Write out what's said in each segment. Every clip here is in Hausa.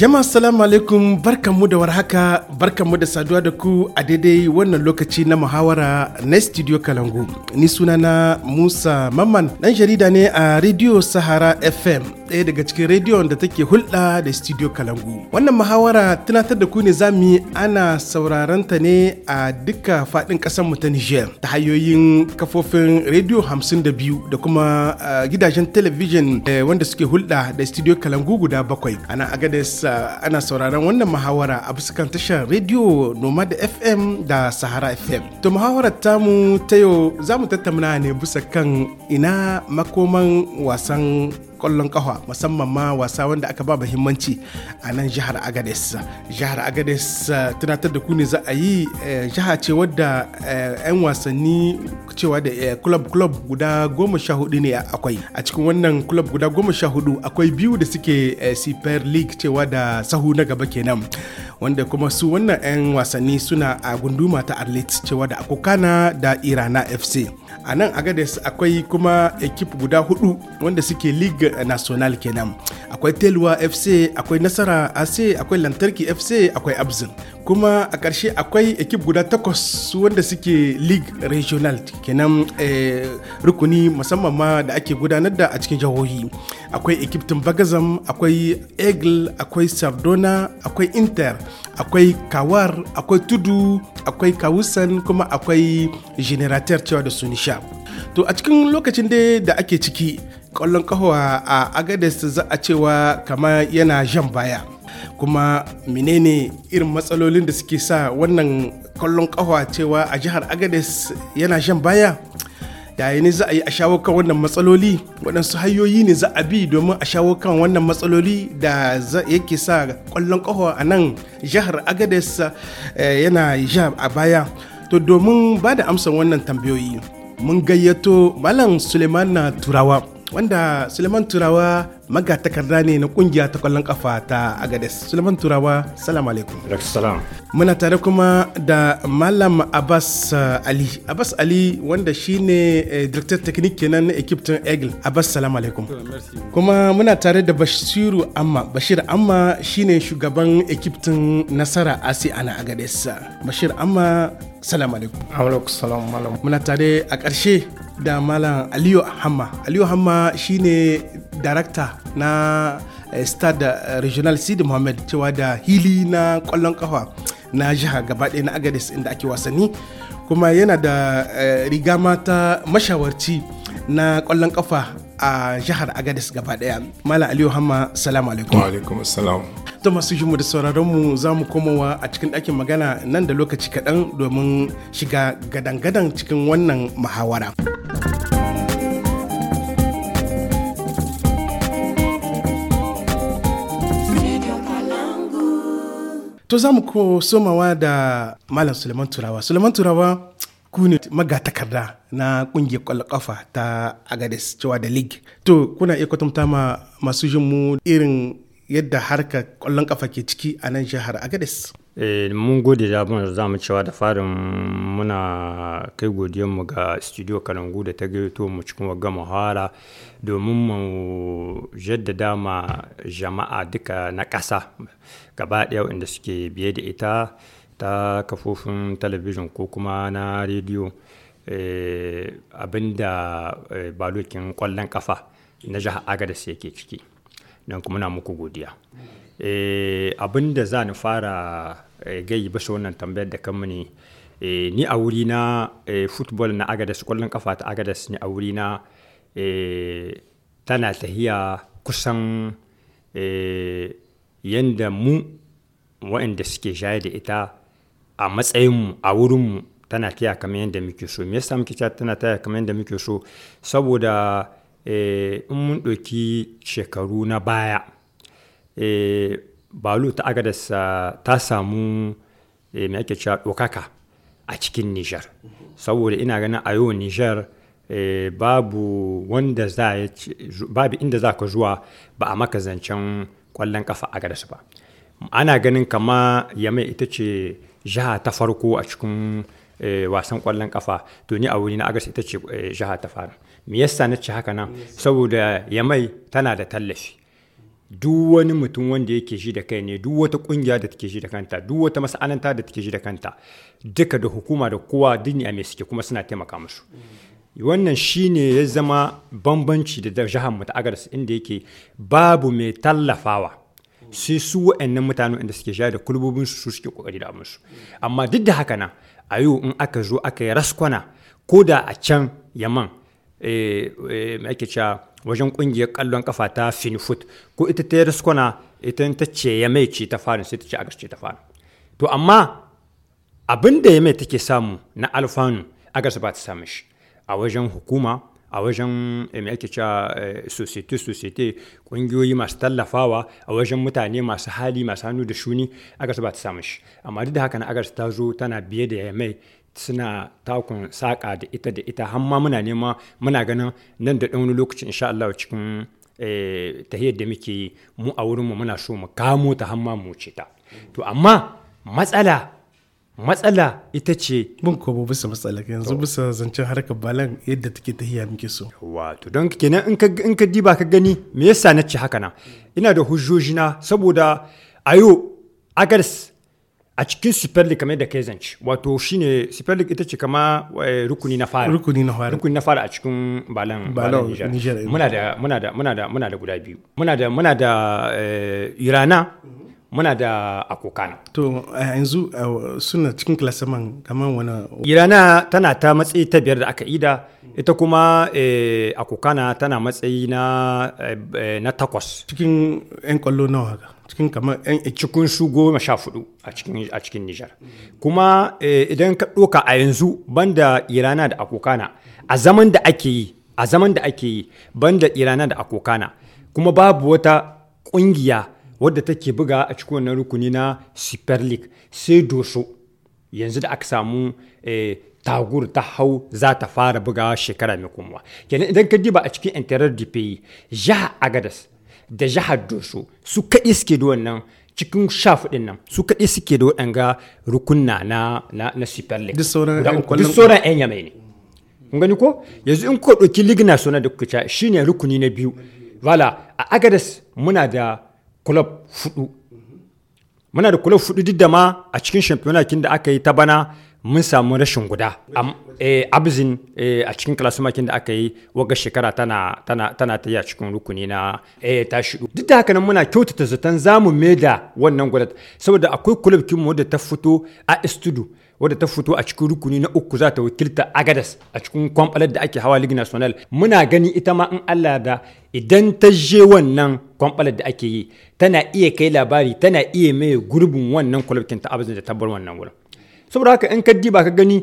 jama salamu alaikum barkanmu da warhaka barkanmu da saduwa da ku a daidai wannan lokaci na muhawara na studio Kalangu. Ni sunana Musa Mamman dan jarida ne a Radio Sahara FM ɗaya daga cikin rediyon da take hulɗa da studio Kalangu. Wannan muhawara tunatar da ku ne zami ana sauraron ta ne a duka faɗin ƙasar mu ta Niger ta hanyoyin kafofin rediyo 52 da kuma eh, gidajen talabijin eh, wanda suke hulɗa da studio Kalangu guda bakwai. Ana Agades da ana sauraron wannan muhawara a fuskan tashar rediyo Nomad FM da Sahara FM. To muhawarar tamu ta yau za mu tattauna ne bisa kan ina makoman wasan kwallon kafa musamman ma wasa wanda aka ba muhimmanci a nan jihar agades jihar agades eh, tunatar da ku ne za a yi eh, jiha ce wadda 'yan eh, wasanni cewa da club club guda goma sha hudu ne akwai a cikin wannan club guda goma sha hudu akwai biyu da suke super league cewa da sahu na gaba kenan wanda kuma su wannan 'yan wasanni suna a gunduma ta arlit cewa da akokana da irana fc a nan agades akwai kuma ekip guda hudu wanda suke league national kenan akwai telwa fc akwai nasara ac akwai lantarki fc akwai abzin kuma a karshe akwai ekip guda takwas wanda suke league regional kenan eh, rukuni musamman ma da ake gudanar da a cikin jihohi akwai ekip bagazam akwai eagle akwai sardona akwai inter akwai kawar akwai tudu akwai kawusan kuma akwai generator cewa da sunisha to a cikin lokacin da ake ciki ƙwallon kahowa a agades za a cewa kama yana jan baya kuma menene irin matsalolin da suke sa wannan ƙwallon kahowa cewa a jihar agades yana jan baya yaya ne za a yi a shawo kan wannan matsaloli waɗansu hanyoyi ne za a bi domin a shawo kan wannan matsaloli da yake sa ƙwallon ƙaho a nan jihar agades eh, yana ja a baya to domin ba da amsan wannan tambayoyi mun gayyato malam suleiman na turawa wanda suleiman turawa magatakarda ne na kungiya ta kwallon kafa ta agades suleiman turawa salam alaikum salam muna tare kuma da malam abbas eh, ali abbas ali wanda shine eh, director technique kenan na ekiptin eagle abbas salam alaikum kuma muna tare da bashiru amma bashir amma shine shugaban ekiptin nasara asi ana agades bashir amma salam alaikum salam malam muna tare a ƙarshe da malam aliyu hamma aliyu hamma shine darakta na eh, da eh, regional sidi mohammed cewa da hili na kwallon kafa na jiha gaba na agadis inda ake wasanni kuma yana da eh, riga mata mashawarci na kwallon kafa a jihar agadis gaba malam aliyu hamma salamu alaikum alaikum ta masu jimu da sauraronmu mu za mu komawa a cikin ɗakin magana nan da lokaci kaɗan domin shiga gadan-gadan cikin wannan muhawara. To za mu somawa da Malam Suleiman Turawa. Suleiman Turawa ku ne magatakarda na kungiyar kwallon kafa ta Agades cewa da League. To kuna iya kwatanta ma masu jin irin yadda harkar kwallon kafa ke ciki a nan jihar Agades? Eh, mun gode da abin da zamu cewa da farin muna kai mu ga studio kalangu da ta gaito mu cikin wagga muhara domin mu jaddada ma jama'a duka na ƙasa gaba ɗaya inda suke biye da ita ta kafofin talabijin ko kuma na rediyo eh, abinda eh, balokin ƙwallon ƙafa na jihar agadas yake ciki don kuma na muku godiya. Eh, abin da za ni fara eh, gai bisa wannan tambayar da kan ne eh, ni a wuri na eh, football na agadas kwallon kafa ta agadas ni a wuri na eh, tana tahiya kusan eh, yadda mu waɗanda suke shaye da ita a matsayinmu a wurinmu tana taya kamar yadda muke so me yasa muke tana taya kamar yadda muke so saboda in mun ɗauki shekaru na baya Eh, balu ta agadas ta samu eh, mai ake cewa ɗaukaka a cikin nijar saboda ina ganin a yau nijar eh, babu wanda za ya babu inda za ka zuwa ba a maka zancen ƙwallon ƙafa a gadas ba ana ganin kama yamai ita ce jiha ta farko a cikin wasan ƙwallon ƙafa to ni a wuri na agas ita ce jiha ta fara me yasa na ce haka nan saboda yamai tana da tallafi duk wani mutum wanda yake shi da kai ne duk wata kungiya da take shi da kanta duk wata masana'anta da take shi da kanta duka da hukuma da kowa duniya mai suke kuma suna taimaka musu wannan shine ya zama bambanci da jihar mu ta agadas inda yake babu mai tallafawa sai su wa'annan mutanen inda suke shayar da kulbobin su suke kokari da musu amma duk da haka nan a yau in aka zo aka yi raskwana ko da a can yaman Eh, eh, ake cewa wajen kungiyar kallon kafa ta finfoot ko ita ta riskona ita ta ce ya mai ce ta fara sai ta ce agas ce ta fara to amma abin da ya mai take samu na alfanu agas ba ta samu shi a wajen hukuma a wajen eh, mai ake cewa society society kungiyoyi masu tallafawa a wajen mutane masu hali masu hannu da shuni agas ba ta samu shi amma duk da haka na agas ta zo tana biye da ya mai suna takun saƙa da ita da ita hamma muna nema muna ganin nan da ɗan wani lokaci insha Allah cikin eh, tahiyar da muke yi mu a wurinmu muna so mu kamo ta hamma mu ce ta to amma matsala matsala ita ce mun komo bisa matsala yanzu bisa zancen harkar balan yadda take tahiya muke so wato don kenan in ka in ka diba ka gani me yasa na ce haka nan ina da hujjoji na saboda ayo agars a cikin super league kamar da ke zance wato shine super league ita ce kama eh, rukuni na fara rukuni na fara rukuni na fara a cikin balan balan Niger muna da muna da muna da muna da guda biyu muna da muna da eh, Irana muna da akokana. To yanzu suna cikin klasaman kamar wani. Irana tana ta matsayi ta biyar da aka ida ita kuma e, akokana tana matsayi na e, e, takwas. Cikin 'yan kwallo nawa cikin kamar 'yan cikin su goma sha fudu a cikin Nijar. Kuma idan ka ɗoka a yanzu banda Irana da akokana a zaman da ake yi a zaman da ake yi banda Irana da akokana kuma babu wata ƙungiya wadda take buga a cikin wannan rukuni na super league sai doso yanzu da aka samu eh, tagur ta hau za ta fara buga shekara mai kuma kenan idan ka diba a cikin intarar dpi jihar agadas da jihar doso su kaɗi suke da wannan cikin sha nan su kaɗi suke da waɗanga rukunna na na super league duk sauran yan yamai ne kun gani ko yanzu in ko ɗauki league national da kuka ci shine rukuni na biyu wala a agadas muna da kulob fudu muna da kulob fudu duk da ma a cikin shampiyona da aka yi ta bana mun samu rashin guda eh, abzin eh, a cikin kin da aka yi waga shekara tana tana ta yi a cikin rukuni na eh, ta shudu. duk da haka nan muna kyautata zaton zamu da wannan gudat saboda akwai kin kinmu da ta fito a estudu wadda ta fito a cikin rukuni na uku za ta wakilta agadas a cikin kwamfalar da ake hawa ligue national muna gani ita ma in allah da idan ta je wannan kwamfalar da ake yi tana iya kai labari tana iya mai gurbin wannan kwalabkin ta abin da ta bar wannan wurin saboda haka in ka diba ka gani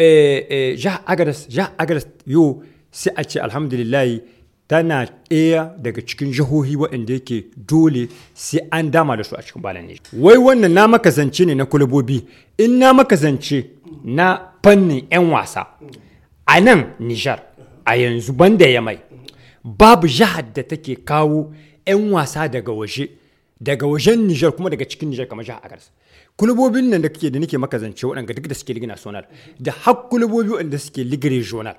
eh, eh, ja agadas ja agadas yo sai a ce alhamdulillah tana ɗaya daga cikin jihohi waɗanda yake dole sai an dama da su a cikin balan Wai wannan na makazance ne na kulubobi, in na makazance na fannin 'yan wasa a nan Nijar a yanzu banda ya mai babu jihar da take kawo 'yan wasa daga waje daga wajen Nijar kuma daga cikin Nijar kamar jihar Agadez. Kulubobin nan da kake da nake makazance waɗanda duk da suke ligina sonar da har kulubobi waɗanda suke ligi regional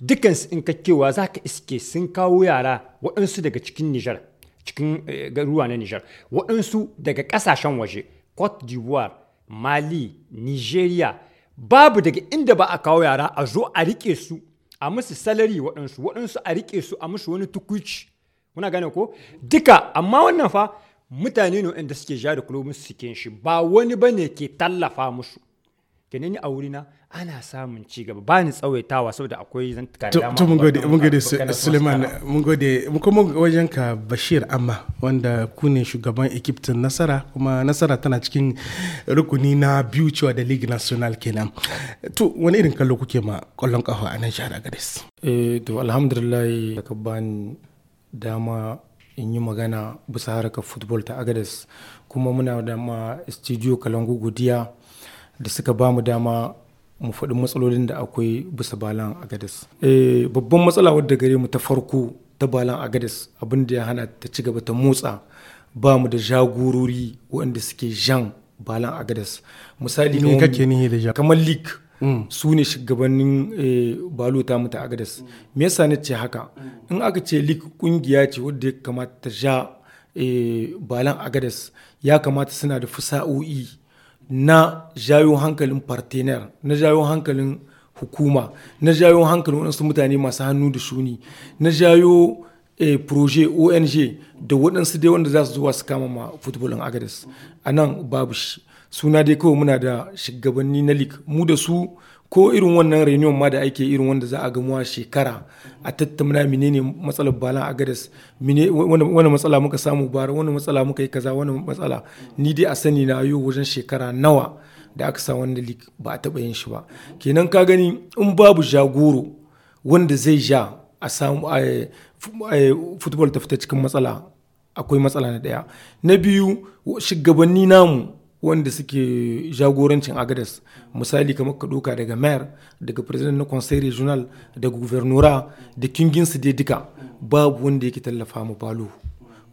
dukansu in ka kewa za ka iske sun kawo yara waɗansu daga cikin nijar cikin eh, ruwa na nijar waɗansu daga ƙasashen waje cote d'ivoire mali nigeria babu daga inda ba a kawo yara a zo a riƙe su a musu salari waɗansu waɗansu a rike su a musu wani tukuci kuna gane ko duka amma wannan fa mutane ne inda suke jari da kulobin su shi ba wani ne ke tallafa musu kenan ni a wurina ana samun ci gaba ba ni tsawaitawa saboda akwai zan tuka da to mun gode mun gode Suleiman mun gode kuma wajen ka Bashir Amma wanda ku ne shugaban ekiptin Nasara kuma Nasara tana cikin rukuni na biyu cewa da League National kenan to wani irin kallo kuke ma kwallon kafa a nan shahara Agadez eh to alhamdulillah ka bani dama in yi magana bisa harkar football ta agades kuma muna da ma studio Kalangu Godiya da suka ba mu dama mu faɗi matsalolin da akwai bisa balan agadas eh, babban matsala wadda gare mu ta farko ta balan agadas abin da ya hana ta ci gaba ta motsa ba mu da jagorori waɗanda suke jan balan agadas misali kamar lik mm. su ne shugabannin eh, balo ta mutu agadas me yasa na ce haka in aka ce lik kungiya ce wadda ya kamata ta ja eh, balan agadas ya kamata suna da fusa'o'i na jayo hankalin partenaire na jayo hankalin hukuma na jayo hankalin waɗansu mutane masu hannu da shuni na jayo eh, proje ong da waɗansu dai wanda za su zuwa su kama ma futbolin agadas a nan babu shi suna dai kawai muna da shugabanni na league mu da su ko irin wannan reunion ma da ake irin wanda za a gamuwa shekara a tattauna menene matsalar balan a gadas wani matsala muka samu bara wani matsala muka yi kaza wani matsala ni dai a sani na yau wajen shekara nawa da aka sa wanda league ba a taba yin shi ba kenan ka gani in babu jagoro wanda zai ja a samu football ta fita cikin matsala akwai matsala na ɗaya na biyu shugabanni namu wanda suke jagorancin agadas misali kamar ka doka daga mayar daga president na conseil regional da guvernora da kinginsu dai duka babu wanda yake tallafa mu balo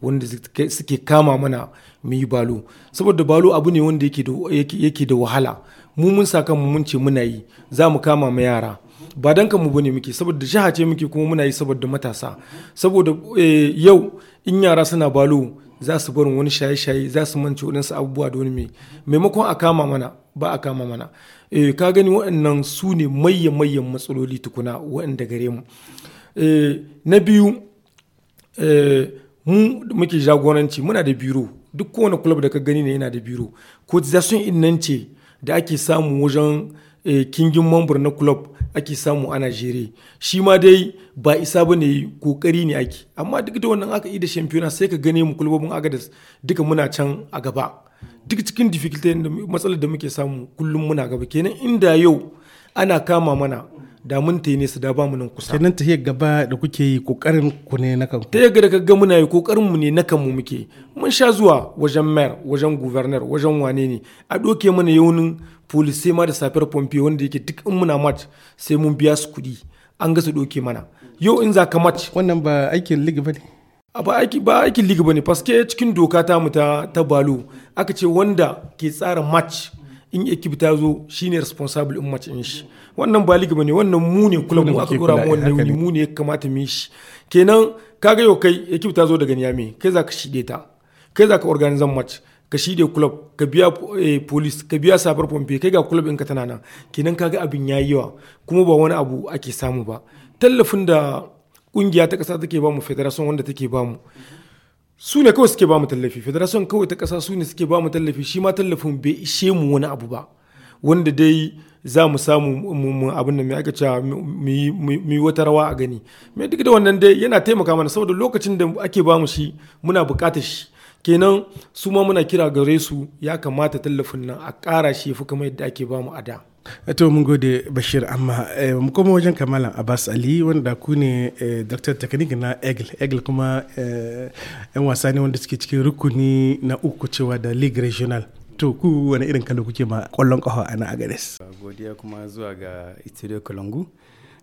wanda suke kama mana mu yi balo saboda balo abu ne wanda yake da wahala mu mun sa kanmu mun ce muna yi za mu kama ma yara ba dan kanmu bane muke saboda jiha ce muke kuma muna yi saboda matasa saboda eh, yau in yara suna balo za su barin wani shaye-shaye za su manci waɗansu abubuwa da wani maimakon a kama mana ba a kama mana e, ka gani waɗannan su ne mayyan mayyan matsaloli tukuna waɗanda gare mu eh, na biyu e, mu muke jagoranci muna da biro duk kowane kulob da ka gani ne yana da biro cotisation in nan ce da ake samu wajen kingin mambar na kulob. ake samu ana jere shi ma dai ba isa ba ne kokari ne ake amma duk da wannan aka yi da shampiyona sai ka gane mu kulubobin agadas duka muna can a gaba duk cikin difficulty matsalar da muke samu kullum muna gaba kenan inda yau ana kama mana da mun ta ne nesa da mu nan kusa kenan tahiyar gaba da kuke yi kokarin ku ne na kanku tahiyar da kaga muna yi kokarin mu ne na kanmu muke mun sha zuwa wajen mayar, wajen guvernar wajen wane ne a doke mana yaunin police ma da safiyar pompe wanda yake duk in muna match sai mun biya su kuɗi an ga su doke mana yau in za ka match wannan ba aikin ligi ba aiki ba aikin ligi bane paske cikin doka ta mu ta ta balo aka ce wanda ke tsara match in ekip ta zo shine responsible in match in shi wannan ba ligi bane wannan mu ne kula mu aka dora mu wannan ne mu ne kamata mu shi kenan kaga yau kai ekip ta zo daga Niamey kai za ka shide ta kai za ka organize match ka shide club ka biya eh, police ka biya safar pompe kai ga club ɗinka tana nan kenan kaga abin yayi yawa kuma ba wani abu ake samu ba tallafin da kungiya ta kasa take bamu federation wanda take bamu su ne kawai suke bamu tallafi federation kawai ta kasa su ne suke bamu tallafi shi ma tallafin bai ishe mu wani abu ba wanda dai za mu samu mu abin da mai aka cewa mu yi wata rawa a gani mai duk da wannan dai yana taimaka mana saboda lokacin da ake bamu shi muna bukatar shi kenan su ma muna kira gare su ya kamata tallafin nan a kara shi fi kamar yadda ake ba mu a da eh, to mun gode bashir amma eh, mu koma wajen kamalan abbas ali wanda ku ne eh, dr technique na egl egl kuma yan wasa ne wanda suke cikin rukuni na uku cewa da league regional to ku wani irin kallo kuke ma kwallon kafa a nan a gares godiya kuma zuwa ga studio kalangu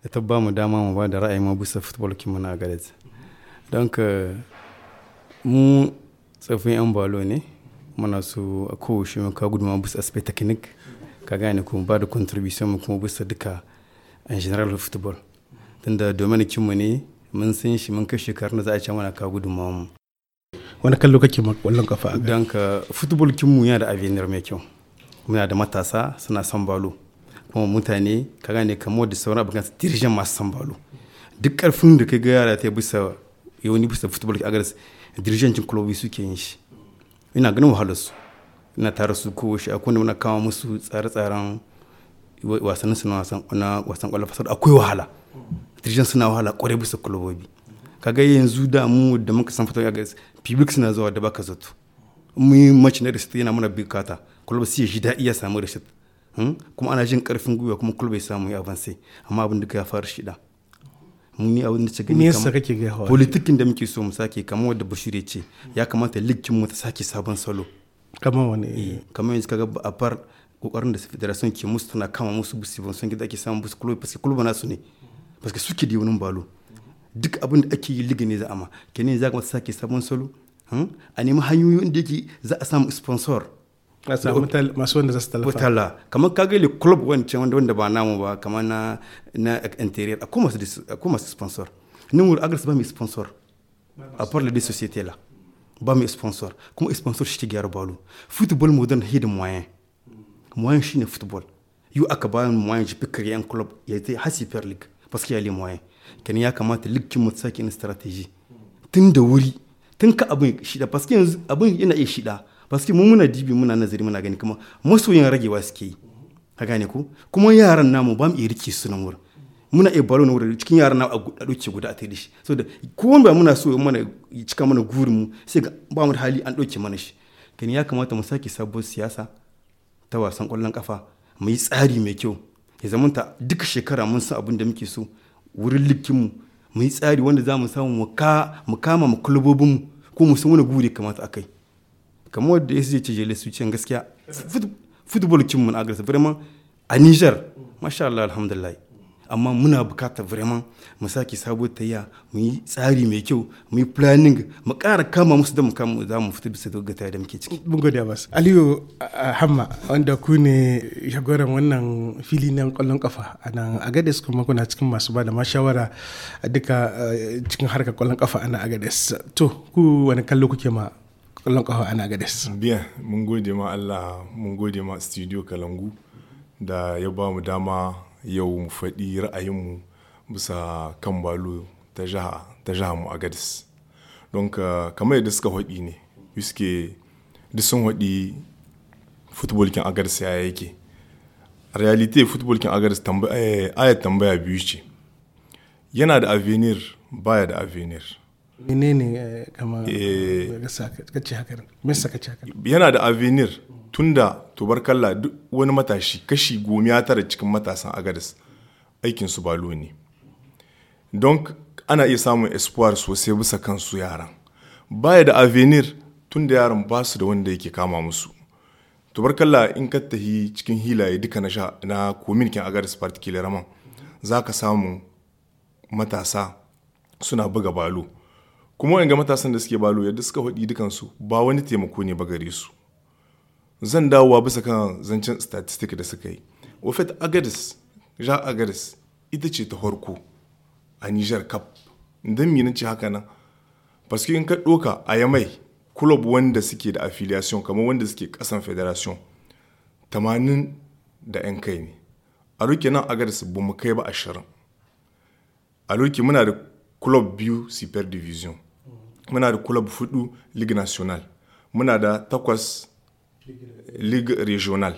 da ta ba mu dama mu ba da ra'ayi ma bisa football kin mu na gares don ka mu tsofin yan balo ne muna su a kowace mu ka ma bisa aspect technique ka gane kuma ba da contribution mu kuma bisa duka en general football tunda dominikin mu ne mun san shi mun kai shekaru na za a ce mana ka ma mu wani kallo kake ma kwallon kafa don ka football kinmu yana da avenir mai kyau muna da matasa suna son balo kuma mutane ka gane kamo da sauran abokan dirijan masu son balo duk karfin da ka ga yara ta bisa yawani bisa football a garis cin kulobi suke yin shi ina ganin wahalar su ina tara su ko shi akwai muna kawo musu tsare-tsaren wasannin su na wasan kwallon fasar akwai wahala dirijan suna wahala kwarai bisa kulobobi kaga yanzu da mu da muka san fito ga public suna zuwa da baka zato mu yi match na receipt yana mana bukata club sai ya ji daɗi ya samu receipt hmm? kuma ana jin karfin gwiwa kuma club ya samu ya avance amma abin da ya fara shida mu ni abin da ta gani kamar politikin da muke so mu sake kamar wanda Bashir ya ce ya kamata league mu ta sake sabon salo kamar wani eh, kamar yanzu kaga a far kokarin da federation ke musu tana kama musu busi ban son gida ake samun busi club parce na su ne parce que suke da wani balo duk abin da ake yi liga ne za a ma kenan za ka sake sabon salo hmm? a nemi hanyoyin da yake za a samu sponsor a samu masu wanda za su tallafa talla kamar ka gaili club wancan wanda wanda ba namu ba kamar na na interior a masu akwai masu sponsor nan wuri agnes ba mai sponsor a parle de société la ba mai sponsor kuma sponsor shi ke gyara balo football modern hidden moyen moyen shine football yau aka bayan moyen shi fi kariyan club ya zai hasi league parce que y'a a moyen. kenan ya kamata likin mu sake ni strategy tun da wuri tun ka abin shida paske yanzu abin yana iya shida paske mu muna dibi muna nazari muna gani kuma masoyin ragewa suke yi ka gane ko kuma yaran namu ba mu iya rike su nan wurin muna iya balo na wurin cikin yaran namu a ɗauke guda a tare shi da ko ba muna so mana cika mana gurin mu sai ga ba mu da hali an ɗauke mana shi kenan ya kamata mu sake sabo siyasa ta wasan ƙwallon kafa mu yi tsari mai kyau ya zamanta duka shekara mun san abin da muke so wurin likinmu mu yi tsari wanda za mu samu mu kama mu kulubobinmu ko mu san wani gure kamata a kai kamar wadda ya ce lesu su gaskiya football kinmu na agarsa vraiment a niger masha allah alhamdulillah amma muna bukata vraiment mu sake sabo tayya mu yi tsari mai kyau mu yi planning mu kara kama musu da mu kama za mu fita bisa dogata da muke ciki. Mun gode su. Aliyu ah, Hamma wanda ku ne shagoran wannan fili na ƙwallon kafa a nan Agades kuma kuna cikin masu ba da mashawara duka eh, cikin harkar ƙwallon kafa a nan Agades. To ku wani kallo kuke ma ƙwallon kafa a nan Agades. Biya mun gode ma Allah mun gode ma studio Kalangu da ya ba mu dama yau mu faɗi ra'ayinmu bisa kan balo ta jiha mu a gadis don ka kamar yadda suka haɗi ne suke duk sun haɗi football kin agadis ya yake realite football kin agadis eh, ayat tambaya biyu ce yana da avenir baya da avenir menene eh, kama eh, ka ce haka me saka ce haka yana da avenir tunda tubarkalla duk wani matashi kashi ya tara cikin matasan agadis aikin su balo ne don ana iya samun espoir sosai bisa kansu yaran baya da avenir tunda yaran ba su da wanda yake kama musu tubarkalla in ka tahi cikin hilaye duka na sha na kominikin agadis particular raman za ka samu matasa suna buga balo kuma wa'in ga matasan da suke balo yadda suka haɗi dukansu ba wani taimako ne ba gare su zan dawowa bisa kan zancen statistik da suka yi wafet agadis ja agadis ita ce ta harko a nijar cup don mina ce haka nan paske in ka doka a yamai kulob wanda suke da affiliation kamar wanda suke kasan federation tamanin da 'yan kai ne a roke nan agadis ba mu kai ba ashirin a roke muna da kulob biyu super division muna da kulob hudu league national muna da takwas league regional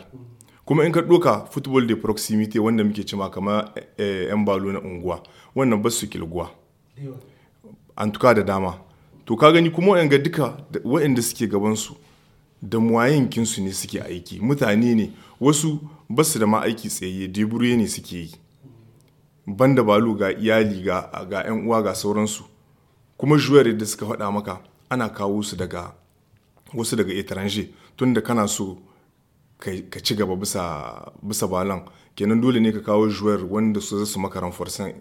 kuma in ka ɗoka football de proximity wanda muke cima kama eh, yan balo na unguwa wannan ba su kilguwa an tuka da dama to ka gani kuma waɗanda duka waɗanda suke gabansu da muwayinkinsu ne suke aiki mutane ne wasu ba su da ma aiki tsaye deburiye ne suke yi banda balu ga iyali ga 'yan uwa ga sauransu kuma juyar da suka faɗa maka ana kawo su daga wasu daga etranje da kana so ka ci gaba bisa bisa balon kenan dole ne ka kawo juwar wanda su zasu maka ranforsan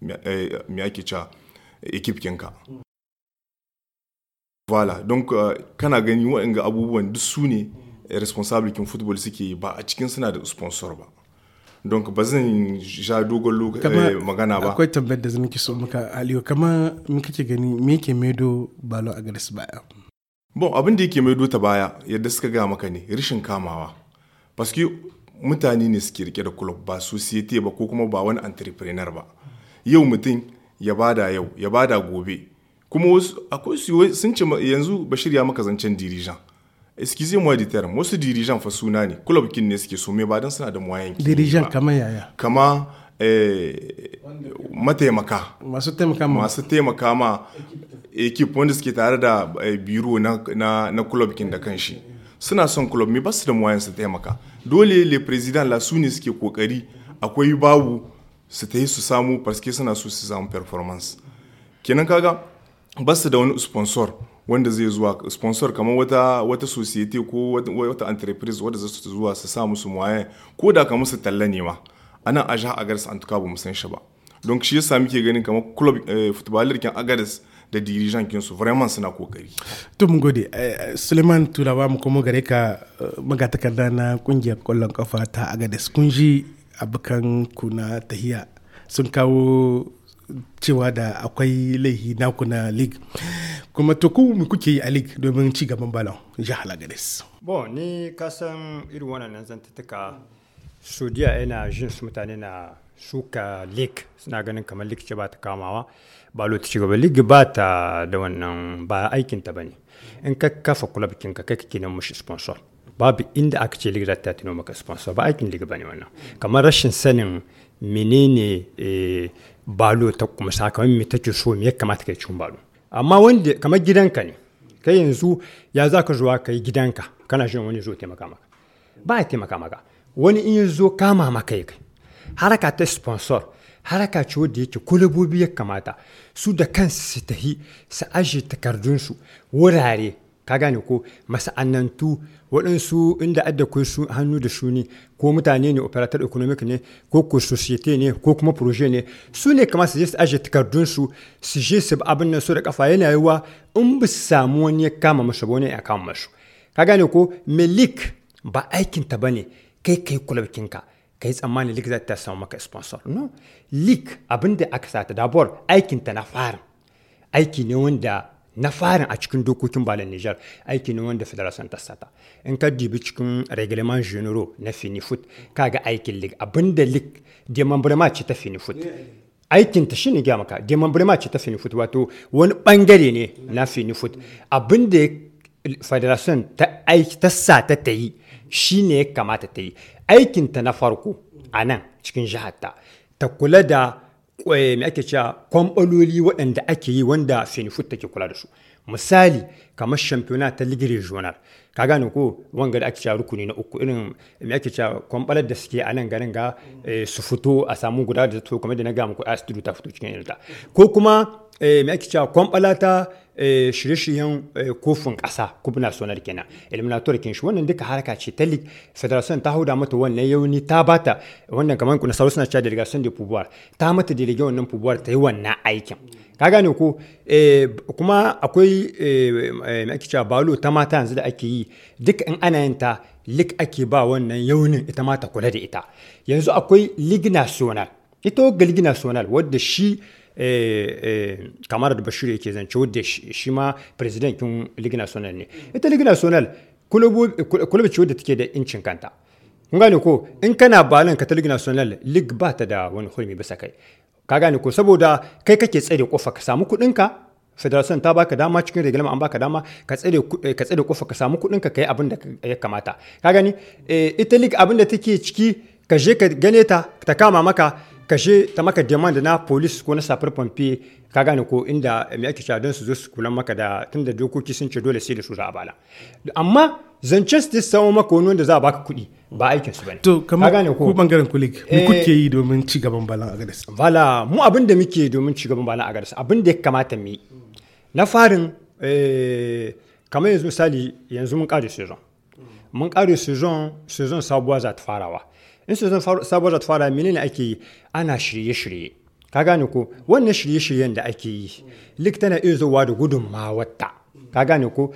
mi ca ekip ka Vala, don kana gani waɗanga abubuwan duk su ne responsable kin football suke ba a cikin suna da sponsor ba. donc ba zan sha dogon lokaci eh, magana ba akwai tambayar da zan so maka aliyu kama mun kake gani me ke maido balo a garis baya bon abin da yake maido ta baya yadda suka ga maka ne rashin kamawa paske mutane ne suke rike da club ba society ba ko kuma ba wani entrepreneur ba yau mutum ya bada yau ya bada gobe kuma wasu akwai sun ce yanzu bashir ya maka zancen dirijan excusez moi du terme wasu dirijan fa suna ne club kin ne suke so me ba dan suna da moyen kin dirijan kamar yaya kama eh, mataimaka masu taimaka ma masu taimaka ma ekip wanda suke tare da eh, biro na na, na club kin da kanshi suna son club me ba su da moyen su taimaka dole le president la suni suke kokari akwai babu su ta yi su samu parce que suna so su samu performance kenan kaga ba su da wani sponsor wanda zai zuwa sponsor kamar wata wata society ko wata entreprise wanda za su zuwa su sa musu moyen ko da ka musu talla ne ma anan a jiha agaris an tuka ba musan shi ba don shi yasa muke ganin kamar club eh, footballer kin agaris da dirijan su vraiment suna kokari to mun gode eh, eh, suleiman turawa mu kuma gare ka magatakarda na kungiyar kwallon kafa ta agaris kun ji abukan ku na tahiya sun kawo cewa da akwai laihi naku na league kuma to ku kuke yi a league domin ci gaban balon jihar lagares bon ni kasan irin wannan zantattuka sudiya yana jin su mutane na suka league suna ganin kamar league ce ba ta kamawa ba loti ci gaba league ba ta da wannan ba aikinta ba bane in ka kafa club ka kai kike mushi sponsor babu inda aka ce liga ta tuno maka sponsor ba aikin league bane wannan kamar rashin sanin menene eh, balo ta kuma sakamakon me take so me ya kamata kai cikin balo amma wanda kamar gidanka ne kai yanzu ya za ka zuwa kai gidanka kana shi wani zo taimaka maka ba ya taimaka maka wani in ya zo kama maka ya kai haraka ta sponsor haraka ce wadda yake kulubobi ya kamata su da kansu su tahi su aje takardunsu wurare ka gane ko masana'antu waɗansu inda adda kun hannu da suni ko mutane ne operator economic ne ko ko societe ne ko kuma proje ne su ne kama su je su aje takardunsu su je su abin nan su da kafa yana yiwa in ba su samu wani ya kama masu ba wani ya kama masu ka gane ko melik ba aikinta ba ne kai kai kulabkinka ka yi tsammani lik za ta samu maka sponsor no lik abin da aka sata dabor aikinta na fara aiki ne wanda na farin a cikin dokokin balin Nijar aiki ne wanda Federation ta sata. In ka dibi cikin Reglement General na Finifut kaga aikin lig abinda lig Demambrema ce ta Finifut. Aikin ta shine ga maka Demambrema ce ta Finifut wato wani bangare ne na Finifut abinda Federation ta aiki ta sata ta yi shine kamata ta yi. Aikin ta na farko anan cikin jihar ta ta kula da Eh, me ake cewa kwamɓaloli waɗanda ake yi wanda senifut take kula da su misali kamar shampiyona ta ligiri regional ka gane ko wanga da ake cewa rukuni na uku irin me ake cewa kwamɓalar da suke a nan ganin ga eh, su fito a samu guda da zato kamar da na gama su asidu ta fito cikin yanta ko kuma eh, me ake cewa kwamɓala ta Eh, shirye-shiryen eh, kofin ƙasa kup national kenan eliminator kin shi wannan duka haraka ce ta league federation ta hauda mata wannan yauni ta bata wannan kamar kuna sauransu na cewa delegation de pouvoir ta mata delege wannan pouvoir ta yi wannan aikin ka gane ko eh, kuma akwai ake cewa balo ta mata yanzu da ake yi duk in ana yin ta lik ake ba wannan yaunin ita ma ta kula da ita yanzu akwai lig national ita ga lig national wadda shi Eh, eh, kamar da bashir yake zance wadda shi ma kin ligi national ne ita ligi national kulubu ce wadda take da incin kanta kun gane ko in kana balin ka ta ligi national lig ba ta da wani hulmi bisa kai ka gane ko saboda kai kake tsare kofa ka samu ka federation ta baka dama cikin reglement an baka dama ka tsare eh, ka tsare kofa ka samu kuɗin ka kai abin da ya kamata ka gani ita league abin da take ciki ka je ka gane ta ta kama maka kashe ta maka demand na police ko na safar pompe ka gane ko inda mai ake cewa don su zo su kula maka da tunda dokoki sun ce dole sai da su za a bala amma zancen su samu maka wani wanda za a baka kuɗi ba aikin su bane to kamar ku bangaren kulik mu eh, kuke yi domin ci gaban balan agadas bala mu abin da muke domin ci gaban balan agadas abin da ya kamata mu yi na farin eh, kamar yanzu misali yanzu mun kare saison mun kare saison saison sabuwa za ta farawa in saison sabuwa za ta fara menene ake yi ana shirye-shirye ka gane ko wannan shirye-shiryen da ake yi lik tana iya zuwa da gudunmawarta ka gane ko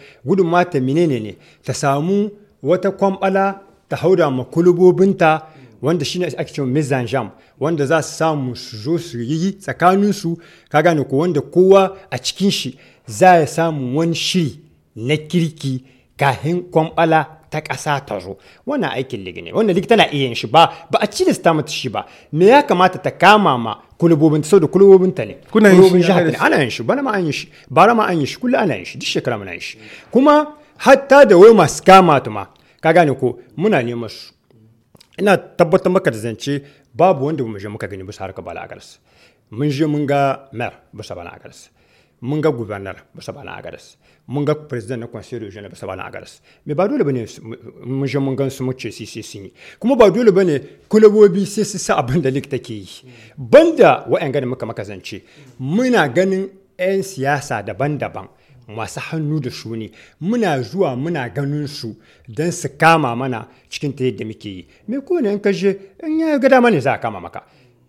ta menene ne ta samu wata kwamɓala ta hauda ma kulubobinta wanda shine ake cewa mizan jam wanda za su samu su zo su yi tsakanin su ka gane ko wanda kowa a cikin shi za ya samu wani shiri na kirki kahin kwamɓala ta ƙasa ta zo wannan aikin ligi ne wannan ligi tana iya yin shi ba ba a ta mata shi ba me ya kamata ta kama ma kulubobin sau da kulubobin ta ne kulubobin jihar ne ana yin shi bana ma an yi shi bara ma an yi shi kullu ana yin shi duk shekara muna yin shi kuma hatta da wai masu kama ta ma ka gane ko muna neman su ina tabbatar maka da zance babu wanda mu je muka gani bisa harka bala agarsu mun je mun ga mayor bisa bala agarsu. mun ga gubernar ba sa agaras mun ga president na conseil regional ba sa agaras me ba dole bane mun je mun gan su mu ce si si si kuma ba dole bane kulabobi sai su sa abin da likta ke yi banda wa'yan ganin muka zance muna ganin 'yan siyasa daban-daban masu hannu da su ne muna zuwa muna ganin su don su kama mana cikin ta yadda muke yi me ko ne in ka je in ya ga dama ne za a kama maka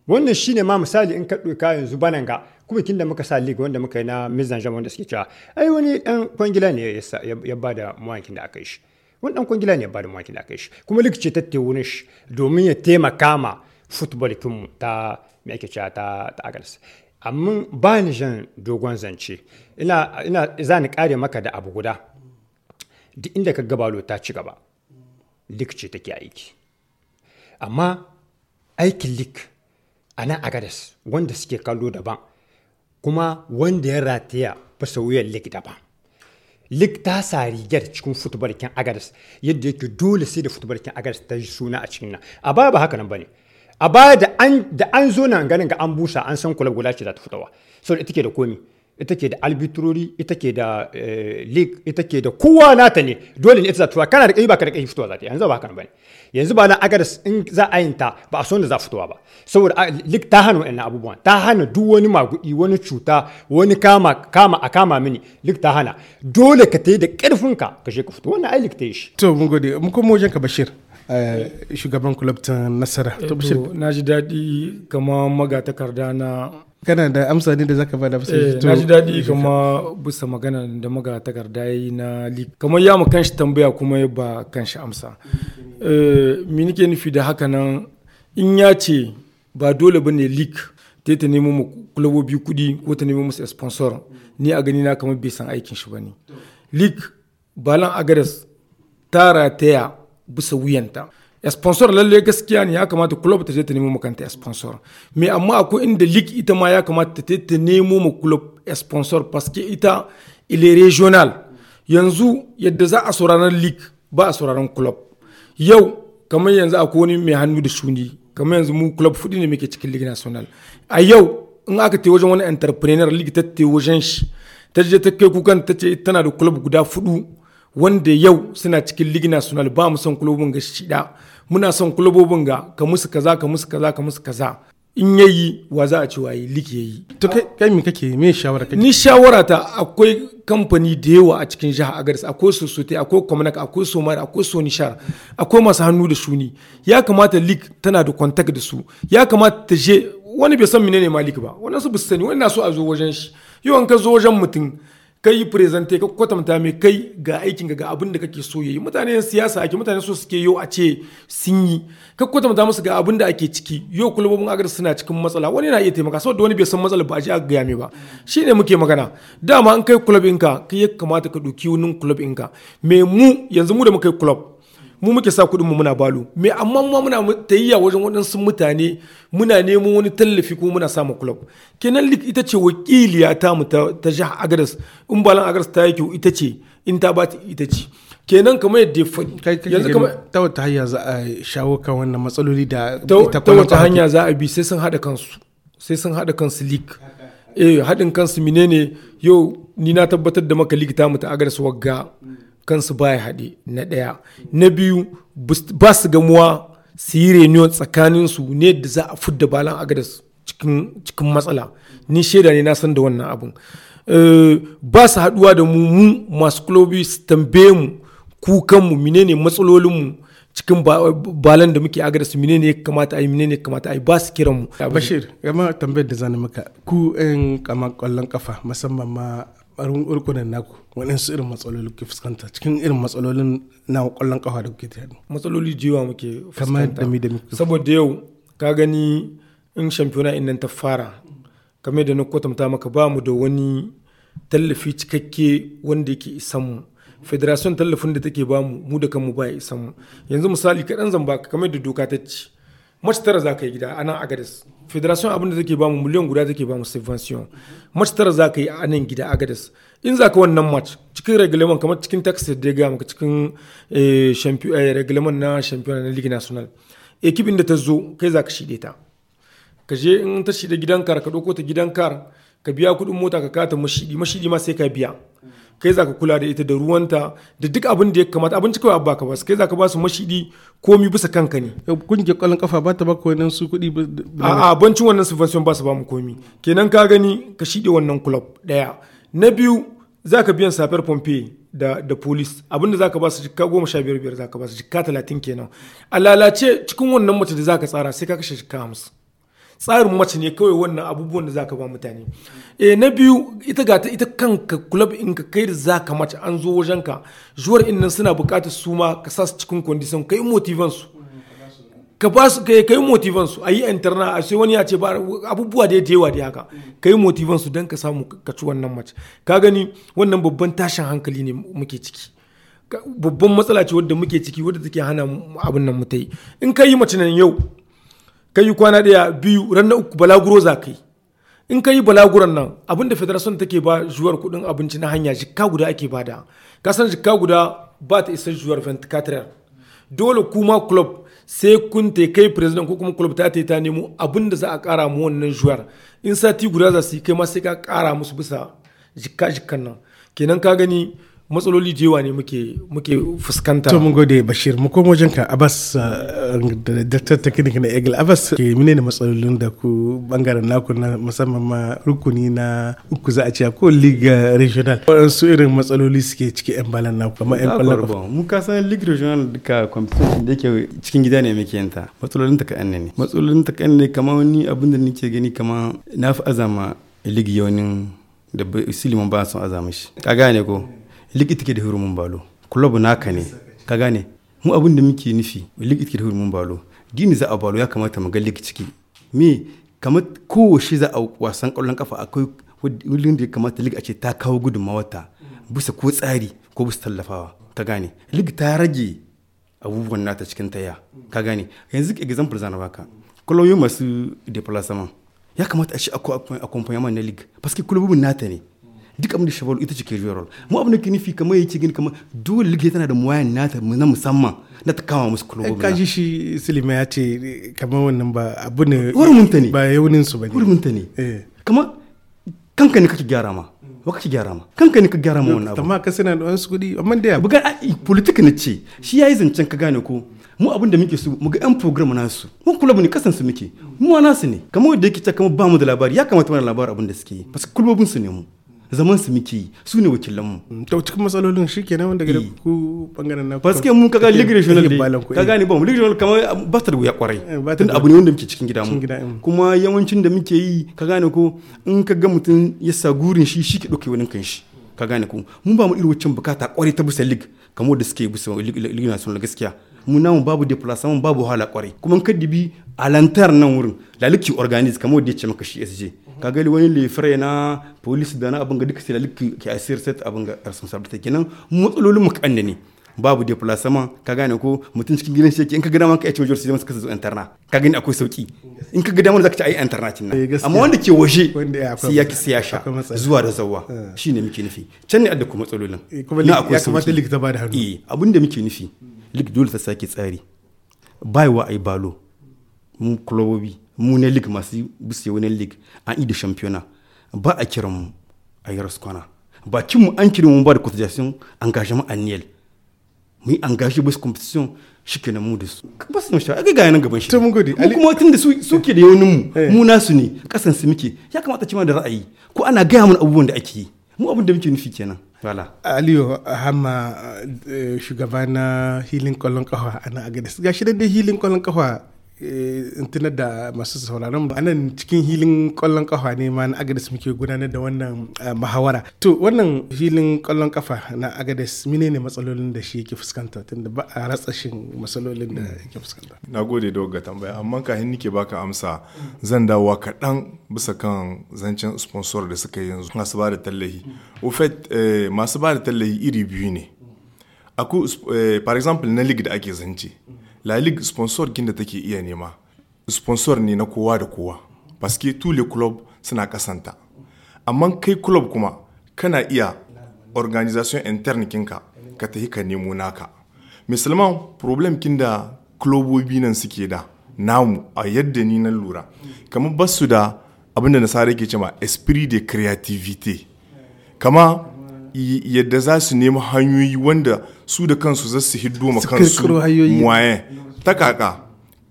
wannan shine ma misali in ka ɗauka yanzu banan kuma kin da muka sa league wanda muka yi na mizan jama wanda suke cewa ai wani dan kwangila ne ya ba da mawakin da aka yi shi wani dan kwangila ne ya ba da mawakin da aka yi shi kuma league ce ta tewunin shi domin ya taimaka ma football kinmu ta me ake cewa ta ta agalsa amma ba ni jan dogon zance ina ina za ni kare maka da abu guda duk inda ka gabalo ta ci gaba league ce take aiki amma aikin league a nan agadas wanda suke kallo daban kuma wanda ya rataya bisa wuyan likita daban lik ta sa rigar cikin futubarkin agaris yadda yake dole sai da futubarkin agaris ta yi suna a cikin nan a baya ba haka nan bane a baya da an zo nan ganin ga an busa an san kula gula ce za ta fitowa saboda take da komi ita ke da albitrori ita ke da eh, league ita ke da kowa nata ne dole ne ita za ta kana da kai ba ka da kai fitowa za ta yanzu ba hakan bane yanzu ba na da in za a yin ta ba a so da za fitowa ba saboda ah, league ta hana wannan abubuwan ta hana duk wani magudi wani cuta wani kama kama a kama mini league ta hana dole ka tayi da karfin ka ka je ka fito wannan ai league ta yi shi to mun gode mun kuma wajen ka bashir eh, eh. shugaban ta nasara to bashir na ji dadi kamar magatakarda na kana da amsa ne da zaka bada ba sai eh, na ji daɗi kuma bisa magana da maga takarda yi na lik. kamar ya mu kanshi tambaya kuma ya ba kanshi amsa eh, me nake nufi da haka nan in ya ce ba dole bane lik ta ta nemo mu kulobobi kuɗi ko ta nemo musu sponsor ni a gani na kamar bai san aikin shi bane lik balan agares ta rataya bisa wuyanta sponsor lalle gaskiya ne ya kamata club ta je ta nemo makanta sponsor me amma akwai inda league ita ma ya kamata ta ta nemo ma club sponsor parce que ita il est regional yanzu yadda za a sauraron league ba a sauraron club yau kamar yanzu akwai wani mai hannu da shuni kamar yanzu mu club fudi ne muke cikin league national a yau in aka te wajen wani entrepreneur league ta te wajen shi ta je ta kai kukan ta ce tana da club guda fudu wanda yau suna cikin ligi national ba mu son kulobin ga shida muna son kulobobin ga ka musu kaza ka musu kaza ka musu kaza in yayi wa za a ci wayi liki yayi to kai me kake me shawara kake ni shawara ta akwai kamfani da yawa a cikin jihar Agadez akwai Sosote akwai Komanak akwai Somar akwai Sonishar akwai masu hannu da shuni ya kamata lig tana da contact da su ya kamata ta je wani bai san menene malik ba wani su sani wani na so a zo wajen shi yau an ka zo wajen mutum kai presente ka kwatanta mai kai ga aikin ga abin da kake so yi. mutane siyasa ake mutane so suke yo a ce sun yi ka kwatanta musu ga abin da ake ciki yau kulubobin agar suna cikin matsala wani na iya taimaka saboda wani bai san matsala ba a ji a gaya mai ba shine muke magana dama an kai club ɗinka kai ya kamata ka ɗauki wani club ɗinka me mu yanzu mu da muka yi club mu muke sa kuɗin mu muna balo me amma mu muna tayyiya wajen waɗansu mutane muna nemo wani tallafi kuma muna samu club kenan lik ita ce wakiliya ta mu ta, jihar agres in balan agres ta yake ita ce in ta ba ita ce kenan kamar yadda faɗi yanzu kamar ta wata hanya za a shawo kan wannan matsaloli da ta wata hanya za a bi sai sun haɗa kansu sai sun haɗa kansu lik eh haɗin kansu menene yau ni na tabbatar da maka lik ta mu ta agres wagga kansu baya haɗe na ɗaya na biyu ba su gamuwa su yi reniyon tsakanin su ne da za a fudda balan agadas cikin cikin matsala ni shaida ne na san da wannan abun eh, ba su haɗuwa da mu mu masu kulobi su tambaye mu kukanmu menene matsalolinmu cikin balan da muke agada su menene ya kamata a yi menene ya kamata a yi ba su kiran mu bashir gama tambayar da zani maka ku yan kama kwallon kafa musamman ma barin urkunan naku waɗansu irin matsaloli ke fuskanta cikin irin matsalolin na kwallon kafa da kuke tare matsaloli jiwa muke fuskanta kamar da mi saboda yau ka gani in shampiyona in nan ta fara kamar da na kwatanta maka ba mu da wani tallafi cikakke wanda yake isan mu federation tallafin da take bamu mu da kanmu ba ya isan mu yanzu misali kaɗan zan baka kamar da doka ta ce mace tara za ka yi gida a nan agadis federation abin da take bamu miliyan guda take bamu subvention mace tara za ka yi a nan gida agadis in za ka wannan match cikin regulaman kamar cikin taxi da ya maka cikin eh, eh, regulaman na champion na league national ekibin da ta zo kai za ka shide ta ka je in ta shida gidan kar ka ɗauko ta gidan kar ka biya kuɗin mota ka kata mashidi mashidi ma sai ka biya kai za ka kula da ita da ruwanta da duk abin da ya kamata abinci kawai abu ka basu kai za ka basu mashidi komi bisa kanka ne kungiyar kwallon kafa ba ta baka wannan su kuɗi a'a abincin wannan subvention ba su ba mu komi kenan ka gani ka shiɗe wannan club ɗaya na biyu za ka biyan safiyar pompe da da police abinda za ka ba su jikka goma sha biyar biyar za ka ba jikka talatin kenan a lalace cikin wannan mace da za ka tsara sai ka kashe jikka hamsin tsarin mace ne kawai wannan abubuwan da zaka ba mutane e na biyu ita ga ita kanka club in ka kai da zaka mace an zo wajen ka juwar in nan suna bukatar su ma ka sa su cikin condition kai motivan su ka ba su kai kai motivan su ayi interna a sai wani ya ce ba abubuwa da yawa da haka kai motivan su dan ka samu ka ci wannan mace ka gani wannan babban tashin hankali ne muke ciki babban matsala ce wadda muke ciki wadda take hana abin nan mu ta yi in ka yi mace nan yau ka yi kwana ɗaya biyu ran uku balaguro za ka in ka yi balaguran nan abin da federation take ba juwar kuɗin abinci na hanya jikka guda ake bada ka san jikka guda ba ta isa juwar 24 dole kuma club sai kun te kai president ko kuma club ta ta ta nemo abin da za a kara mu wannan juwar in sati guda za su yi kai ma sai ka kara musu bisa jikka jikkan nan kenan ka gani matsaloli jewa ne muke muke fuskanta to mun gode bashir mu komo jinka abbas uh, da daktar technique na egil abbas ke mine ne matsalolin da ku bangaren naku na musamman ma rukuni na uku za a ce ko liga regional su irin matsaloli suke ciki yan balan naku amma yan kwallon mu ka san liga regional ka competition da yake cikin gida ne muke yanta matsalolin ta kaɗan ne matsalolin ta kaɗan ne kamar ni abin da nake gani kamar na fi azama ligi yaunin da silimin ba su azama shi ka gane ko ligi ke da hurumin balo club naka ne ka gane mu abin da muke nufi ligi ke da hurumin balo dini za a balo ya kamata mu ga ligi ciki me kamar kowace za a wasan kwallon kafa akwai wulin da ya kamata ligi a ce ta kawo gudunmawar ta bisa ko tsari ko bisa tallafawa ka gane ligi ta rage abubuwan nata cikin taya ka gane yanzu example zana baka kwalloyi masu deplacement ya kamata a ce akwai accompagnement na league parce que mun nata ne duk abin da shawarar ita ce keriyar mu abin da ke nufi kamar ce gini kamar dole lige tana da muwayan nata na musamman na ta kama musu kulobo ka ji shi silima ya ce kamar wannan ba abu ne hurumunta ne ba yaunin su bane hurumunta ne eh. kamar kanka ne kake gyara ma wa kake gyara ma kanka ne ka gyara ma wannan abu amma ka sana da wasu kuɗi amma da buga politika ne ce shi yi zancen ka gane ko mu abin da muke su mu ga yan program nasu mu kulub ne kasan su muke mu nasu ne kamar yadda yake ta kamar ba mu da labari ya kamata mana labarin abin da suke yi parce su ne mu zaman su muke yi su ne wakilan mu mm, to cikin matsalolin shi kenan wanda ga eh. ku bangaren na que mun kaga league regional ka eh. gane ba mu league regional kamar ba ta da wuya kwarai eh, tunda abu ne wanda muke cikin gida mu mm. kuma yawancin da muke yi ka gane ko in ka ga mutum ya sa gurin shi shi ke dauke wani kan shi ka gane ko mun ba mu irin wacin bukata kwarai ta bisa league kamar da suke bisa league national gaskiya mun namu babu deplacement babu wahala kwarai kuma in ka dibi a lantar nan wurin la ligue organize kamar da ya ce maka shi SJ ka wani lefere na polisi da na abin ga duka silalik ke asir set abin ga responsibility kenan matsalolin mu kan ne babu deplasama ka gane ko mutum cikin gidan shi in ka gida ma ka ce wajen su suka zo interna ka gani akwai sauki in ka gida ma zaka ci ayi interna cin nan eh, amma wanda ke waje sai ya ki sha zuwa da zawwa eh. shine muke nufi can ne adda kuma matsalolin eh, na akwai sauki likita ba da hannu eh abinda da muke nufi lik dole ta sake tsari bai wa ai balo mun kulobobi mu na lig masu bisa wani lig an yi da shampiyona ba a kiran mu a yi raskwana bakin mu an kiran mu ba da cotisation an gashi mu mu yi an gashi bisa competition shi ke na mu da su ba su mashi a gaya nan gaban shi mu kuma tun da su ke da yaunin mu eh. mu nasu ne kasan su muke ya kamata cima da ra'ayi ko ana gaya mun abubuwan da ake yi mu abin da muke nufi kenan wala aliyo hamma eh, shugaba na hilin kwallon kawa ana agadis gashi da hilin kwallon kawa Eh, tunar da masu sauraron mu nan cikin hilin kwallon kafa ne ma na agades muke gudanar da wannan eh, muhawara to wannan hilin kwallon kafa na agades mine ne matsalolin da shi yake fuskanta tunda ba a ratsa shin matsalolin da yake fuskanta na gode da ga tambaya amma hin nike baka amsa zan dawowa kaɗan bisa kan zancen sponsor da suka yanzu masu ba da tallahi ufet eh, masu ba da tallahi iri biyu ne akwai par example na league da ake zance La Ligue sponsor gin take iya nema sponsor ne na kowa da kowa paske tule club suna kasanta amma kai club kuma kana iya organisation interne kinka ka tafi ka nemo naka musulman problem kin da clubobi nan suke da namu a yadda ni na lura kamar basu da abinda nasara ke cewa esprit de creativity kama yadda za su nemi hanyoyi wanda su da kansu za su hiddo ma kansu muwaye ta kaka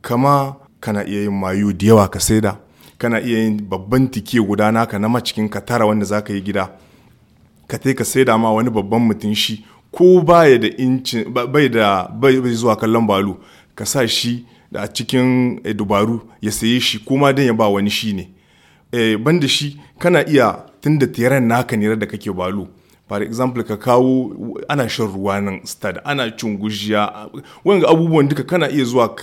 kama kana iya yin mayu da yawa ka saida kana iya yin babban tike guda naka na macikin ka tara wanda za ka yi gida ka te ka saida ma wani babban mutum shi ko baya da inci bai da bai zuwa kallon balu ka sa shi da a cikin eh, dubaru ya saye shi ko ma dan ya ba wani shi ne eh, ban shi kana iya tun da teren naka ne da kake balu for example ka kawo ana shan ruwa nan stad ana cin gujiya wanga abubuwan duka kana iya zuwa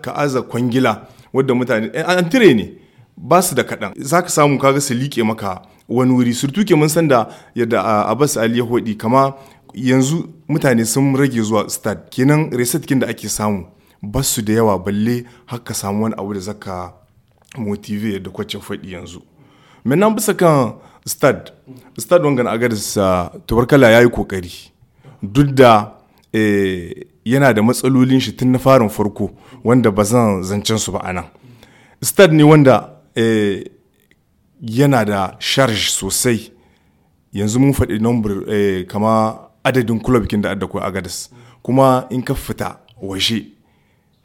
ka aza kwangila wadda mutane eh, an tire ne ba su da kaɗan za ka samu kaga su liƙe maka wani wuri surtu ke mun san da yadda ah, abbas ali ya hodi kama yanzu mutane sun rage zuwa stad kenan resetkin da ake samu ba su da yawa balle haka samu wani abu da zaka motive da kwacce faɗi yanzu Maintenant bisa kan stad stad wangan agaris tubarkala ya yi kokari duk da eh, yana da matsalolin shi tun na farin farko wanda ba zan zancen su ba a nan. stad ne wanda eh, yana da charge sosai yanzu mun faɗi number eh, kama adadin kulobkin da adda a agadas kuma in ka fita waje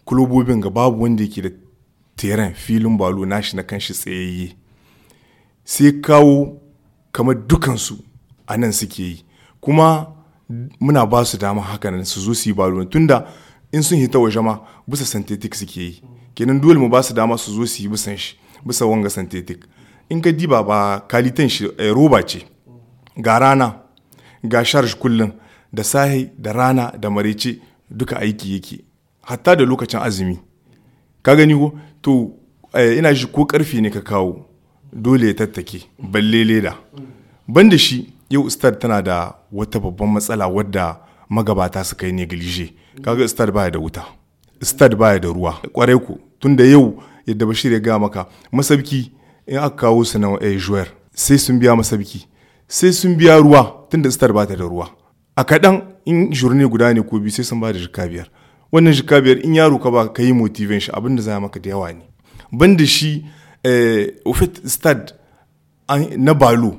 kulobobin ga babu wanda yake da teren filin balo nashi na kanshi tsayayye sai kawo kamar dukansu a nan suke yi kuma muna ba su dama nan su zo su yi balo tunda in sun hita waje ma bisa synthetic suke yi kenan dole mu ba su dama su zo su yi bisan shi bisa wanga synthetic in ka diba ba kalitan shi eh, roba ce ga rana ga sharj kullum da sahi da rana da marece duka aiki yake hatta da lokacin azumi ka gani ko to eh, ina shi ko karfe ne ka kawo dole ya tattake balle leda ban da shi yau star tana da wata babban matsala wadda magabata suka yi neglige kaga star baya da wuta star baya da ruwa kwarai ku tunda yau yadda bashir ya ga maka masabki in aka kawo su na eh, juwer sai sun biya masabki sai sun biya ruwa tunda star bata da ruwa a kaɗan in ne guda ne ko biyu sai sun ba da jika biyar wannan jika biyar in yaro ka ba ka yi motivation shi abin da za maka da yawa ne ban da shi au eh, fait stade na balo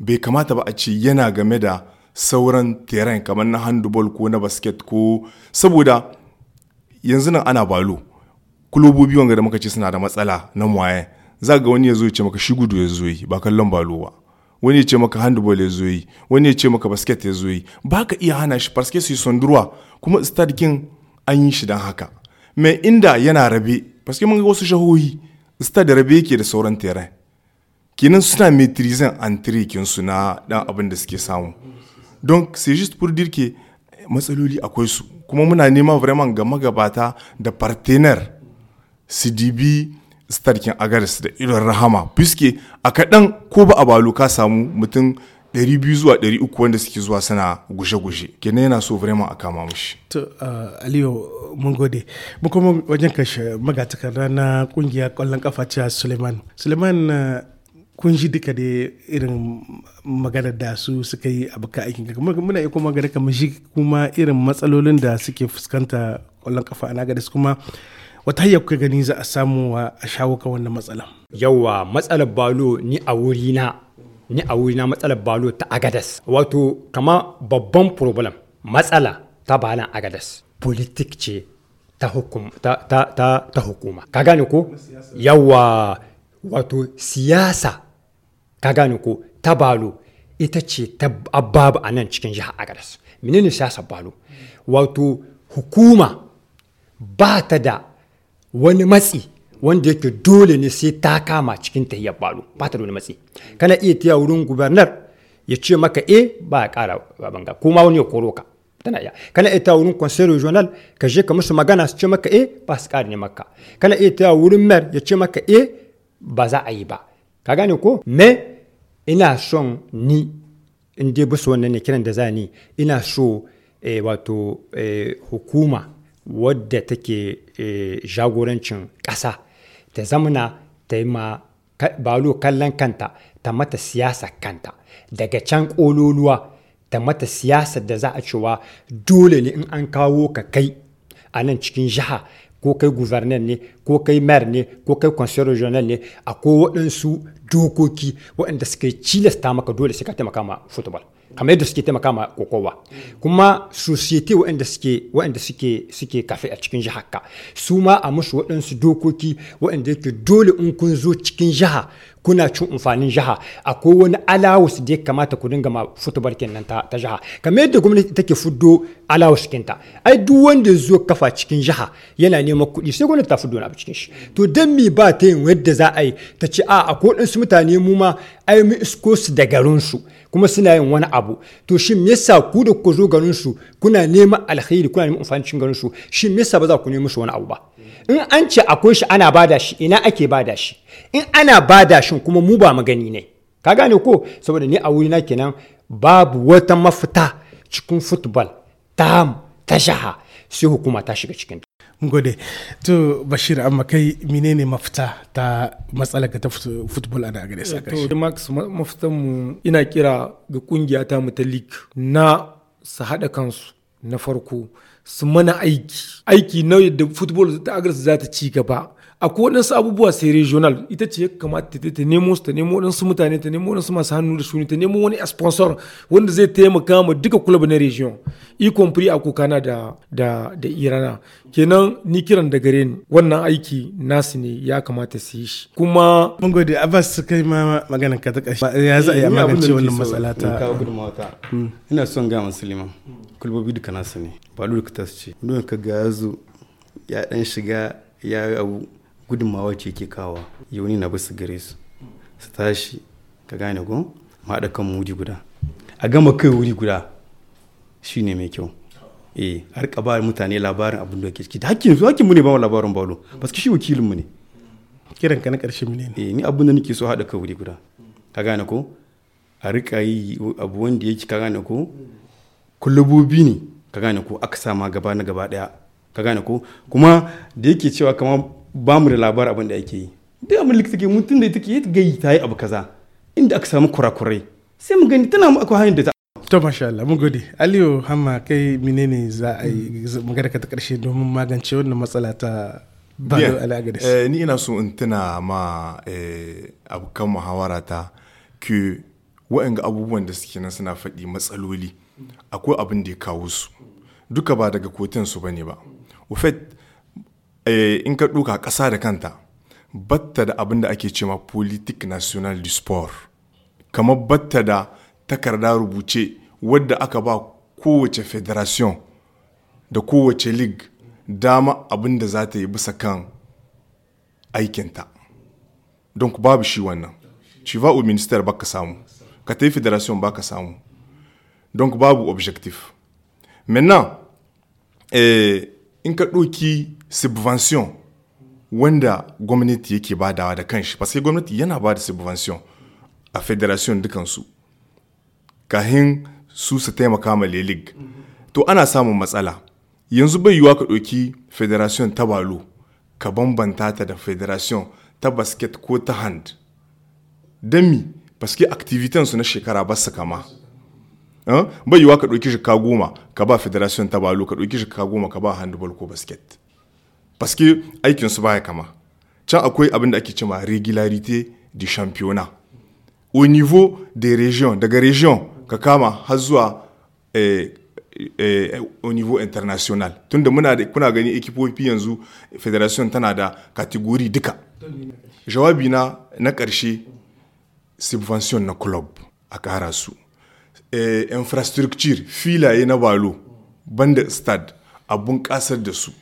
bai kamata ba a ce yana game da sauran terrain kamar na handball ko na basket ko saboda yanzu nan ana balo kulobobi wanga da muka ce suna da matsala na waye za ga wani ya zo ya ce maka shi gudu ya zo yi ba kallon balo ba wani ya ce maka handball ya zo yi wani ya ce maka basket ya zo yi ba ka iya hana shi farske su yi sondurwa kuma stadikin an yi shi don haka mai inda yana rabe farske mun ga wasu shahohi stade rabe yake da sauran terrain kenan suna maîtrisant entrée kinsu na dan abin da suke samu don c'est juste pour dire que matsaloli akwai su kuma muna nema vraiment ga magabata da partenaire cdb dibi starkin agaris da irin rahama puisque a kaɗan ko ba a balo ka samu mutum biyu zuwa uku wanda suke zuwa suna gushe-gushe kenan yana so vraiment a kama mushi to aliyu mun gode mu kuma wajen kashe magatakar na kungiya kwallon kafa cewa suleiman suleiman kun ji duka da irin magana da su suka yi a aikin kuma muna iya kuma gada kamar shi kuma irin matsalolin da suke fuskanta kwallon kafa a nagadis kuma wata hanyar kuka gani za a samu a shawo kan wannan matsala yawwa matsalar balo ni a wurina ni a na matsalar balo ta agadas wato kama babban problem matsala ta balan agadas politik ce ta, hukuma ka gane ko yawa wato siyasa ka gane ko ta balo ita ce ta ababu a nan cikin jihar agadas menene siyasar balo wato hukuma ba ta da wani matsi wanda yake dole ne sai ta kama cikin ya faru ba ta da wani matsi kana iya tiya wurin gubernar ya ce maka e ba ya kara banga kuma wani ya koro ka tana iya kana iya tiya wurin conseil regional ka je ka musu magana su ce maka e ba su kara ne maka kana iya ta wurin mayor ya ce maka e ba za a yi ba ka gane ko me ina son ni in dai bisa wannan ne kiran da za ni ina so wato hukuma wadda take jagorancin ƙasa ta zamana ta yi ma balo kallon kanta ta mata siyasa kanta daga can ƙololuwa ta mata siyasar da za a cewa dole ne in an kawo ka kai a nan cikin jiha ko kai guvernan ne ko kai mayor ne ko kai conseil regional ne ko waɗansu dokoki waɗanda suka yi cilasta maka dole sai ka taimaka ma football kamar yadda suke taimaka ma kokowa kuma society waɗanda suke waɗanda suke suke kafe a cikin jihar ka su ma a musu waɗansu dokoki waɗanda yake dole in kun zo cikin jiha kuna cin amfanin jiha akwai wani alawus da ya kamata ku dinga ma futubar kenan ta, ta jiha kamar yadda gwamnati take fuddo alawus kinta ai duk wanda zo kafa cikin jiha yana neman kuɗi sai gwamnati ta fuddo na cikin shi to dan me ba ta yin yadda za a yi ta ce a akwai waɗansu mutane mu ma ai mu isko su da garin su kuma suna yin wani abu to shin me yasa ku da kuka zo ganin su kuna neman alkhairi kuna neman amfanin ganin su shin me yasa ba za ku nemi musu wani abu ba in an ce akwai shi ana bada shi ina ake bada shi in ana bada shi kuma mu ba magani ne ka gane ko saboda ni a wuri na kenan babu wata mafita cikin football tam ta shaha sai hukuma ta shiga cikin gode to bashir amma kai menene mafita ta matsalar ta football da gare sa karshe to max mafitan mu ina kira ga kungiya ta league na su hada kansu na farko su mana aiki aiki na yadda football ta agres za ta ci gaba akwai waɗansu abubuwa sai regional ita ce ya kamata ta ta nemo su ta nemo waɗansu mutane ta nemo waɗansu masu hannu da shuni ta nemo wani sponsor wanda zai taimaka ma duka club na region i compris a kokana da da da irana kenan ni kiran da gare ni wannan aiki nasu ne ya kamata su yi shi kuma mun gode abbas su kai ma maganar ka ta ƙarshe ya za a yi eh, magance wannan matsala ta hmm. ina son ga musulman kulbobi duka nasu ne ba duka ta su ce duka ga ya dan shiga ya abu gudunmawa ce ke kawa yauni na bisa gare su su tashi ka gane gun haɗa kan wuri guda a gama kai wuri guda shi ne mai kyau eh har ka ba mutane labarin abin da ke ciki da hakkin su hakkin mu ne ba labarin balo paske shi wakilin mu ne kiran ka na karshen mu ne eh ni abin da nake so haɗa kai wuri guda ka gane ko a rika yi abu wanda yake ka gane ko kulubobi ne ka gane ko aka sama gaba na gaba daya ka gane ko kuma da yake cewa kamar ba mu da labar abin da ake yi duk abin da take mutum da take gayi ta yi abu kaza inda aka samu kurakurai sai mu gani tana mu akwai hanyar da ta to masha Allah mun gode Aliyu Hamma kai menene za a yi magana ka ta karshe domin magance wannan matsala ta Bado Alagadis eh, ni ina so in tuna ma eh, abokan muhawara ta ke wa'anga abubuwan da suke nan suna faɗi matsaloli akwai abin da ya kawo su duka ba daga kotun su bane ba ufet Eh, in ka duka ƙasa da kanta batta da abin da ake cema politik national du sport kamar batta da takarda rubuce wadda aka ba kowace federation da kowace league dama abin da za ta yi bisa kan aikinta don ku babu shi wannan shi ba minister ka samu ka ta yi federation ba ka samu don ku babu objective. menna eh, in ka ɗauki subvention wanda gwamnati yake badawa da kanshi parce gwamnati yana ba da subvention a federation dukansu kahin su su taimaka ma lelig to ana samun matsala yanzu bai yiwa ka ɗauki federation ta balo ka bambanta ta da federation ta basket ko ta hand dami paske activitansu na shekara ba su kama Eh? bai yiwa ka ɗauki shika goma ka ba federation ta balo ka ɗauki shika goma ka ba handball ko basket paske aikin su baya kama can akwai abin da ake cewa regularité du championnat au niveau de region daga region ka kama har zuwa eh, eh, au niveau international tunda muna da kuna gani ekipofi yanzu federation tana da kategori duka jawabi na na ƙarshe subvention na club a ƙara su Eh, infrastructure filaye na balo banda stad a bunƙasar da su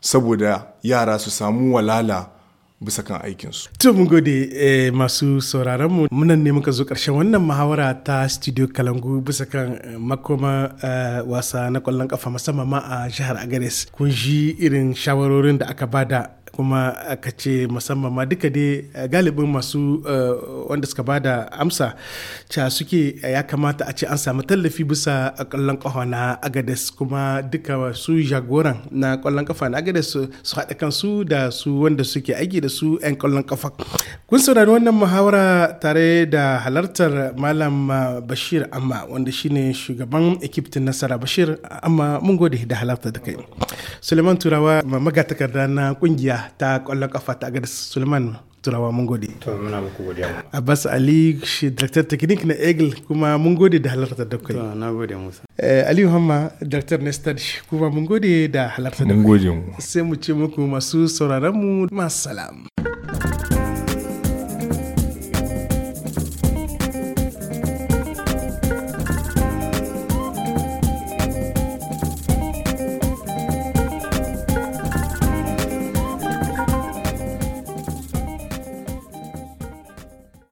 saboda yara su samu walala bisa kan aikinsu. To mun gode eh, masu sauraron mu munan ne muka zo ƙarshen wannan muhawara ta studio Kalangu bisa kan eh, makoma wasa na ƙwallon ƙafa musamman ma a jihar Agares. Kun ji irin shawarorin da aka bada kuma aka ce musamman ma duka dai eh, galibin masu eh, wanda suka ba da amsa ca suke eh, ya kamata a ce an samu tallafi bisa kwallon kafa na agades kuma duka su jagoran na kwallon kafa na agades su haɗa kansu da su wanda suke aiki da su 'yan kwallon kafa kun saurari wannan muhawara tare da halartar malam bashir amma wanda shine shugaban ekiptin nasara bashir amma mun gode da halartar da kai suleiman turawa magatakarda na kungiya ta kwallon kafa ta agadis suleiman turawa mun gode. To muna muku godiya. Abbas Ali shi Director Technique na Eagle kuma mun gode da halartar da kai. To na gode Musa. Eh, ali Hamma Director na Study kuma mun gode da halartar da kai. Mun gode mu. Sai mu ce muku masu sauraron mu masu salam.